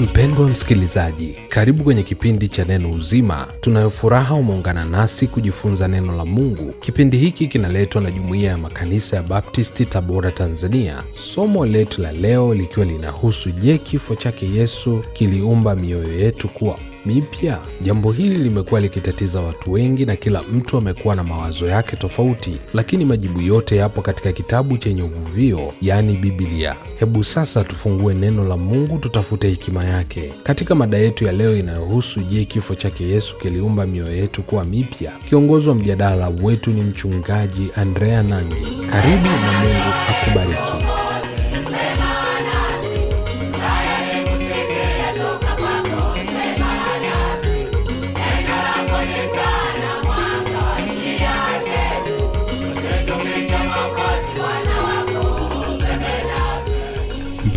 Mpendwa msikilizaji, karibu kwenye kipindi cha Neno Uzima. tunayofuraha umeungana nasi kujifunza neno la Mungu. Kipindi hiki kinaletwa na Jumuiya ya Makanisa ya Baptisti, Tabora, Tanzania. Somo letu la leo likiwa linahusu je, kifo chake Yesu kiliumba mioyo yetu kuwa mipya. Jambo hili limekuwa likitatiza watu wengi na kila mtu amekuwa na mawazo yake tofauti, lakini majibu yote yapo katika kitabu chenye uvuvio, yaani Biblia. Hebu sasa tufungue neno la Mungu, tutafute hekima yake katika mada yetu ya leo inayohusu je, kifo chake Yesu kiliumba mioyo yetu kuwa mipya? Kiongozi wa mjadala wetu ni mchungaji Andrea Nangi. Karibu na Mungu akubariki.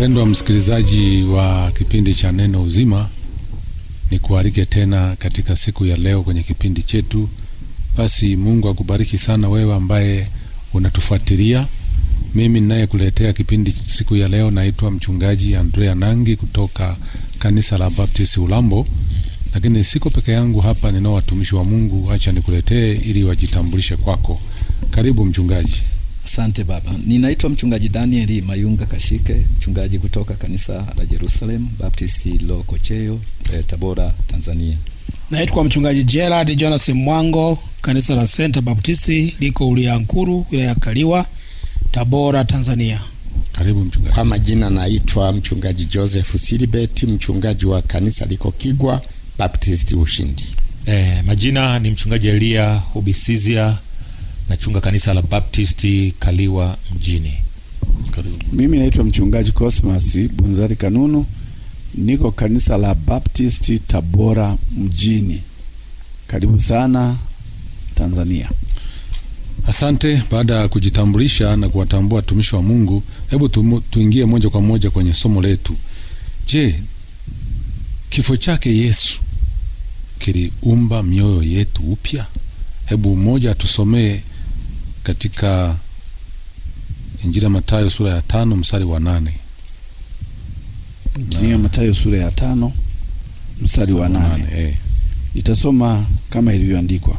Mpendwa msikilizaji wa kipindi cha Neno Uzima, ni kuarike tena katika siku ya leo kwenye kipindi chetu. Basi Mungu akubariki sana wewe ambaye unatufuatilia. Mimi ninayekuletea kipindi siku ya leo naitwa Mchungaji Andrea Nangi kutoka kanisa la Baptist Ulambo, lakini siko peke yangu hapa, ninao watumishi wa Mungu. Acha nikuletee ili wajitambulishe kwako. Karibu mchungaji. Asante baba. Ninaitwa mchungaji Daniel Mayunga Kashike, mchungaji kutoka kanisa la Jerusalem Baptist Lokocheo, eh, Tabora, Tanzania. Naitwa mchungaji Gerard Jonas Mwango, kanisa la Senta Baptist liko Uliankuru, wilaya ya Kaliwa, Tabora, Tanzania. Karibu mchungaji. Kwa majina naitwa mchungaji Joseph Silibeti, mchungaji wa kanisa liko Kigwa Baptist Ushindi. Eh, majina ni mchungaji Elia Ubisizia nachunga kanisa la Baptist Kaliwa mjini. Karibu. Mimi naitwa mchungaji Cosmas Bunzari Kanunu, niko kanisa la Baptisti Tabora mjini. Karibu sana Tanzania. Asante. Baada ya kujitambulisha na kuwatambua watumishi wa Mungu, hebu tuingie moja kwa moja kwenye somo letu. Je, kifo chake Yesu kiliumba mioyo yetu upya? Hebu mmoja atusomee katika Injili ya Mathayo sura ya tano mstari wa nane. Injili ya Mathayo sura ya tano mstari wa nane. Eh. Itasoma kama ilivyoandikwa.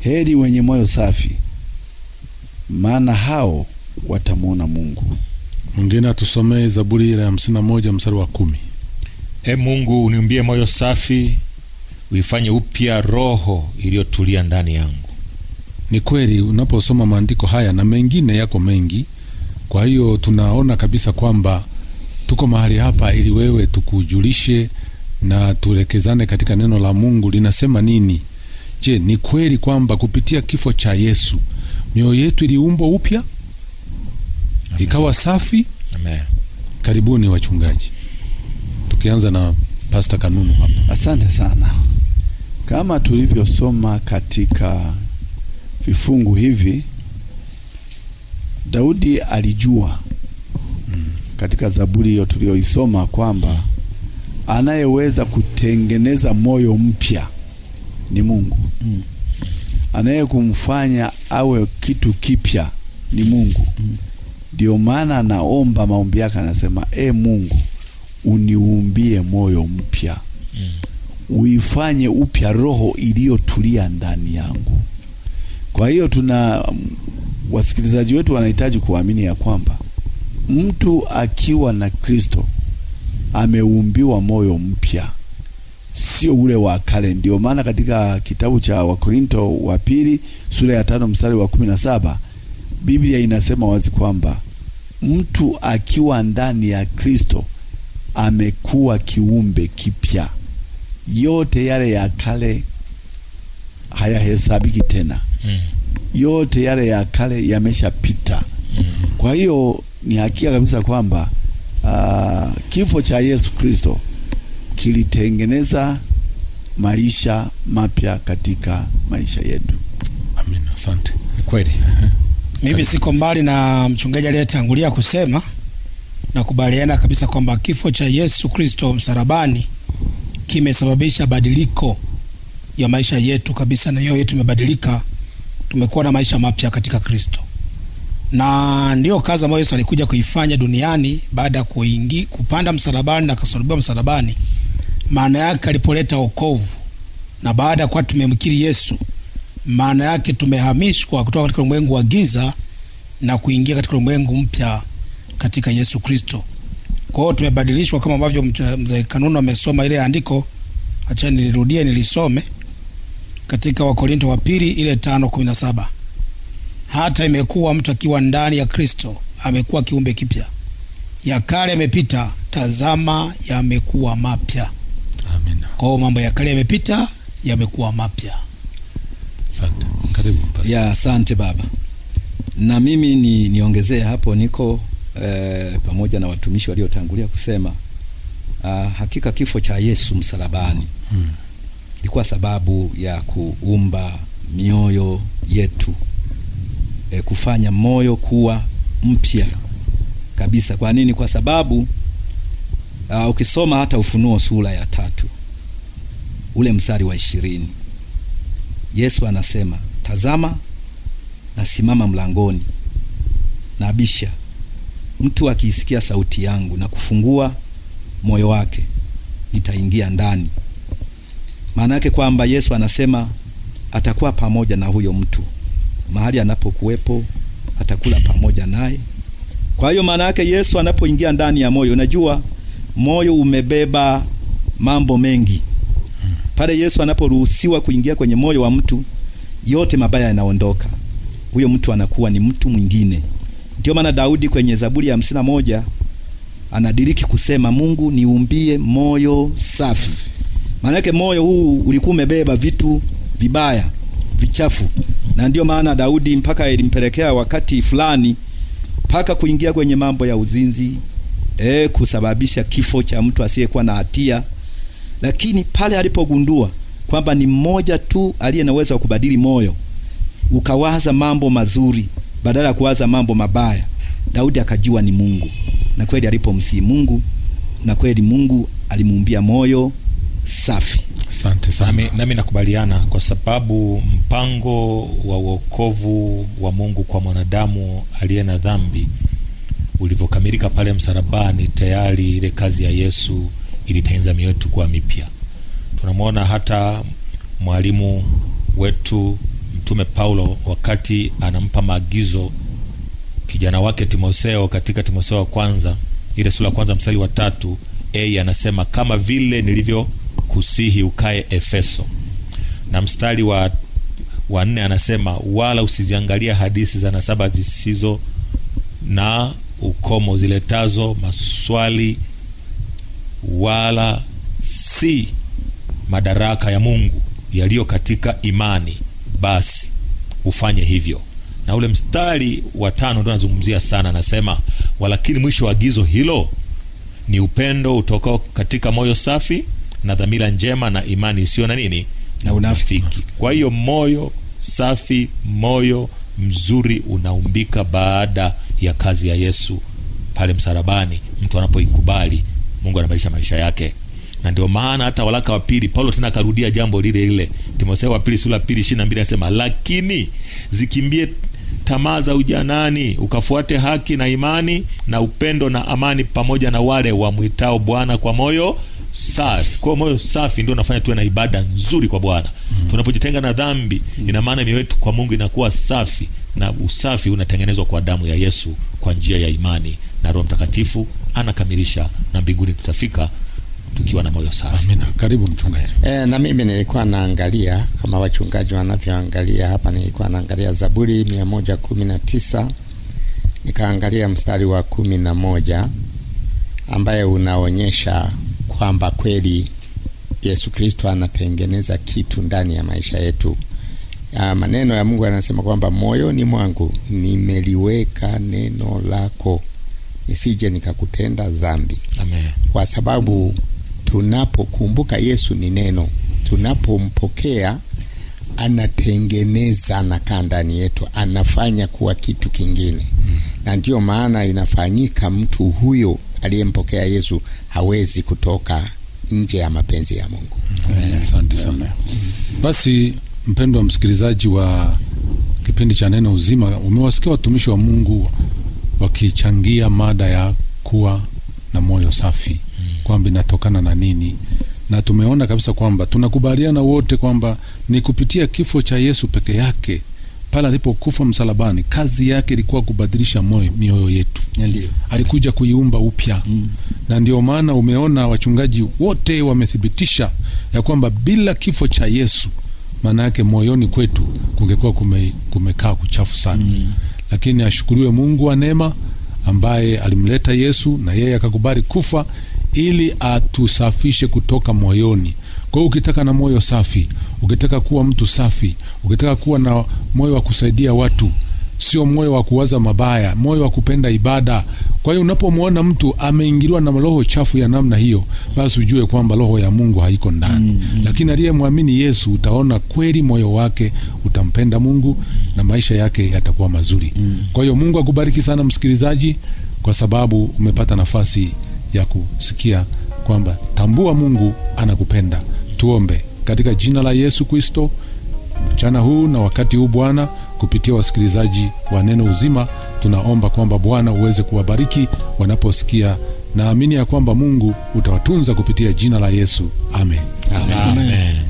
Heri wenye moyo safi, maana hao watamwona Mungu. Mwingine atusomee Zaburi ya hamsini na moja mstari wa kumi. E Mungu uniumbie moyo safi, uifanye upya roho iliyotulia ndani yangu. Ni kweli unaposoma maandiko haya na mengine yako mengi, kwa hiyo tunaona kabisa kwamba tuko mahali hapa ili wewe tukujulishe na tuelekezane katika neno la Mungu linasema nini. Je, ni kweli kwamba kupitia kifo cha Yesu mioyo yetu iliumbwa upya ikawa safi? Amen. Karibuni wachungaji, tukianza na Pastor Kanunu hapa. Asante sana, kama tulivyosoma katika vifungu hivi, Daudi alijua katika Zaburi hiyo tuliyoisoma kwamba anayeweza kutengeneza moyo mpya ni Mungu anaye kumfanya awe kitu kipya ni Mungu ndio maana naomba maombi yake, anasema e Mungu, uniumbie moyo mpya uifanye upya roho iliyotulia ndani yangu kwa hiyo tuna um, wasikilizaji wetu wanahitaji kuamini ya kwamba mtu akiwa na Kristo ameumbiwa moyo mpya, sio ule wa kale. Ndio maana katika kitabu cha Wakorinto wa pili sura ya tano mstari wa kumi na saba Biblia inasema wazi kwamba mtu akiwa ndani ya Kristo amekuwa kiumbe kipya, yote yale ya kale hayahesabiki tena mm. yote yale ya kale yameshapita mm. kwa hiyo ni hakika kabisa kwamba uh, kifo cha Yesu Kristo kilitengeneza maisha mapya katika maisha yetu. Amen, asante. Ni kweli. Mimi siko mbali na mchungaji aliyetangulia kusema, nakubaliana kabisa kwamba kifo cha Yesu Kristo msalabani kimesababisha badiliko ya maisha yetu kabisa, na yoyo yetu imebadilika tumekuwa na maisha mapya katika Kristo, na ndiyo kazi ambayo Yesu alikuja kuifanya duniani baada ya kupanda msalabani na akasulubiwa msalabani. Maana yake alipoleta wokovu, na baada ya kuwa tumemkiri Yesu, maana yake tumehamishwa kutoka katika ulimwengu wa giza na kuingia katika ulimwengu mpya katika Yesu Kristo. Kwa hiyo tumebadilishwa kama ambavyo mzee Kanunu amesoma ile andiko, acha nirudie nilisome katika Wakorinto wa pili ile tano kumi na saba hata imekuwa mtu akiwa ndani ya Kristo amekuwa kiumbe kipya, ya kale yamepita, tazama yamekuwa mapya. Amina. Kwa hiyo mambo ya kale yamepita, yamekuwa mapya. Asante. Karibu Ya, asante baba. Na mimi ni niongezee hapo niko eh, pamoja na watumishi waliotangulia kusema ah, hakika kifo cha Yesu msalabani hmm ilikuwa sababu ya kuumba mioyo yetu e, kufanya moyo kuwa mpya kabisa. Kwa nini? Kwa sababu uh, ukisoma hata Ufunuo sura ya tatu ule mstari wa ishirini Yesu anasema, tazama nasimama mlangoni nabisha, mtu akiisikia sauti yangu na kufungua moyo wake nitaingia ndani maana yake kwamba Yesu anasema atakuwa pamoja na huyo mtu mahali anapokuwepo, atakula pamoja naye. Kwa hiyo maana yake Yesu anapoingia ndani ya moyo, unajua moyo umebeba mambo mengi. Pale Yesu anaporuhusiwa kuingia kwenye moyo wa mtu, yote mabaya yanaondoka, huyo mtu anakuwa ni mtu mwingine. Ndio maana Daudi kwenye Zaburi ya hamsini na moja anadiriki kusema, Mungu niumbie moyo safi Maanake moyo huu ulikuwa umebeba vitu vibaya vichafu, na ndio maana Daudi mpaka ilimpelekea wakati fulani mpaka kuingia kwenye mambo ya uzinzi e, kusababisha kifo cha mtu asiyekuwa na hatia. Lakini pale alipogundua kwamba ni mmoja tu aliye naweza kubadili moyo ukawaza mambo mazuri badala ya kuwaza mambo mabaya, Daudi akajua ni Mungu. Na kweli alipomsii Mungu, na kweli Mungu alimuumbia moyo safi. Asante sana. Nami, nami nakubaliana kwa sababu mpango wa wokovu wa Mungu kwa mwanadamu aliye na dhambi ulivyokamilika pale msalabani, tayari ile kazi ya Yesu ilitengeneza mioyo yetu kuwa mipya. Tunamwona hata mwalimu wetu Mtume Paulo wakati anampa maagizo kijana wake Timotheo katika Timotheo wa kwanza ile sura ya kwanza mstari wa tatu a anasema kama vile nilivyo kusihi ukae Efeso, na mstari wa wa nne anasema wala usiziangalia hadithi za nasaba zisizo na ukomo ziletazo maswali, wala si madaraka ya Mungu yaliyo katika imani, basi ufanye hivyo. Na ule mstari wa tano ndio anazungumzia sana, anasema walakini mwisho wa agizo hilo ni upendo utokao katika moyo safi na dhamira njema na imani isiyo na nini na unafiki. Kwa hiyo moyo safi, moyo mzuri unaumbika baada ya kazi ya Yesu pale msalabani. Mtu anapoikubali, Mungu anabadilisha maisha yake, na ndio maana hata waraka wa pili Paulo tena akarudia jambo lile lile, Timotheo wa pili sura pili ishirini na mbili anasema, lakini zikimbie tamaa za ujanani, ukafuate haki na imani na upendo na amani, pamoja na wale wamwitao Bwana kwa moyo safi. Kwa moyo safi ndio unafanya tuwe na ibada nzuri kwa Bwana. Mm. Tunapojitenga na dhambi, mm. ina maana mioyo yetu kwa Mungu inakuwa safi na usafi unatengenezwa kwa damu ya Yesu kwa njia ya imani na Roho Mtakatifu anakamilisha na mbinguni tutafika tukiwa na moyo safi. Amina. Karibu mchungaji. E, na mimi nilikuwa naangalia kama wachungaji wanavyoangalia hapa, nilikuwa naangalia Zaburi mia moja kumi na tisa nikaangalia mstari wa kumi na moja ambaye unaonyesha kwamba kweli Yesu Kristo anatengeneza kitu ndani ya maisha yetu. Ya ah, maneno ya Mungu anasema kwamba moyoni mwangu nimeliweka neno lako nisije nikakutenda dhambi. Amen. Kwa sababu tunapokumbuka Yesu ni neno, tunapompokea anatengeneza, anakaa ndani yetu, anafanya kuwa kitu kingine. Hmm. Na ndiyo maana inafanyika mtu huyo aliyempokea Yesu hawezi kutoka nje ya mapenzi ya Mungu. Asante sana. Basi mpendwa msikilizaji wa kipindi cha Neno Uzima, umewasikia watumishi wa Mungu wakichangia mada ya kuwa na moyo safi, kwamba inatokana na nini, na tumeona kabisa kwamba tunakubaliana wote kwamba ni kupitia kifo cha Yesu peke yake pale alipokufa msalabani, kazi yake ilikuwa kubadilisha moyo mioyo yetu. Ndiyo. Alikuja kuiumba upya mm. Na ndio maana umeona wachungaji wote wamethibitisha ya kwamba bila kifo cha Yesu, maana yake moyoni kwetu kungekuwa kume, kumekaa kuchafu sana mm. Lakini ashukuriwe Mungu wa neema ambaye alimleta Yesu na yeye akakubali kufa ili atusafishe kutoka moyoni kwa hiyo ukitaka na moyo safi, ukitaka kuwa mtu safi, ukitaka kuwa na moyo wa kusaidia watu, sio moyo wa kuwaza mabaya, moyo wa kupenda ibada. Kwa hiyo unapomwona mtu ameingiliwa na roho chafu ya namna hiyo, basi ujue kwamba roho ya Mungu haiko ndani. mm -hmm. Lakini aliyemwamini Yesu, utaona kweli moyo wake utampenda Mungu na maisha yake yatakuwa mazuri. mm -hmm. Kwa hiyo Mungu akubariki sana msikilizaji, kwa sababu umepata nafasi ya kusikia kwamba tambua Mungu anakupenda. Tuombe. Katika jina la Yesu Kristo, mchana huu na wakati huu Bwana, kupitia wasikilizaji wa Neno Uzima, tunaomba kwamba Bwana uweze kuwabariki wanaposikia. Naamini ya kwamba Mungu utawatunza kupitia jina la Yesu. Amen, amen. amen. amen.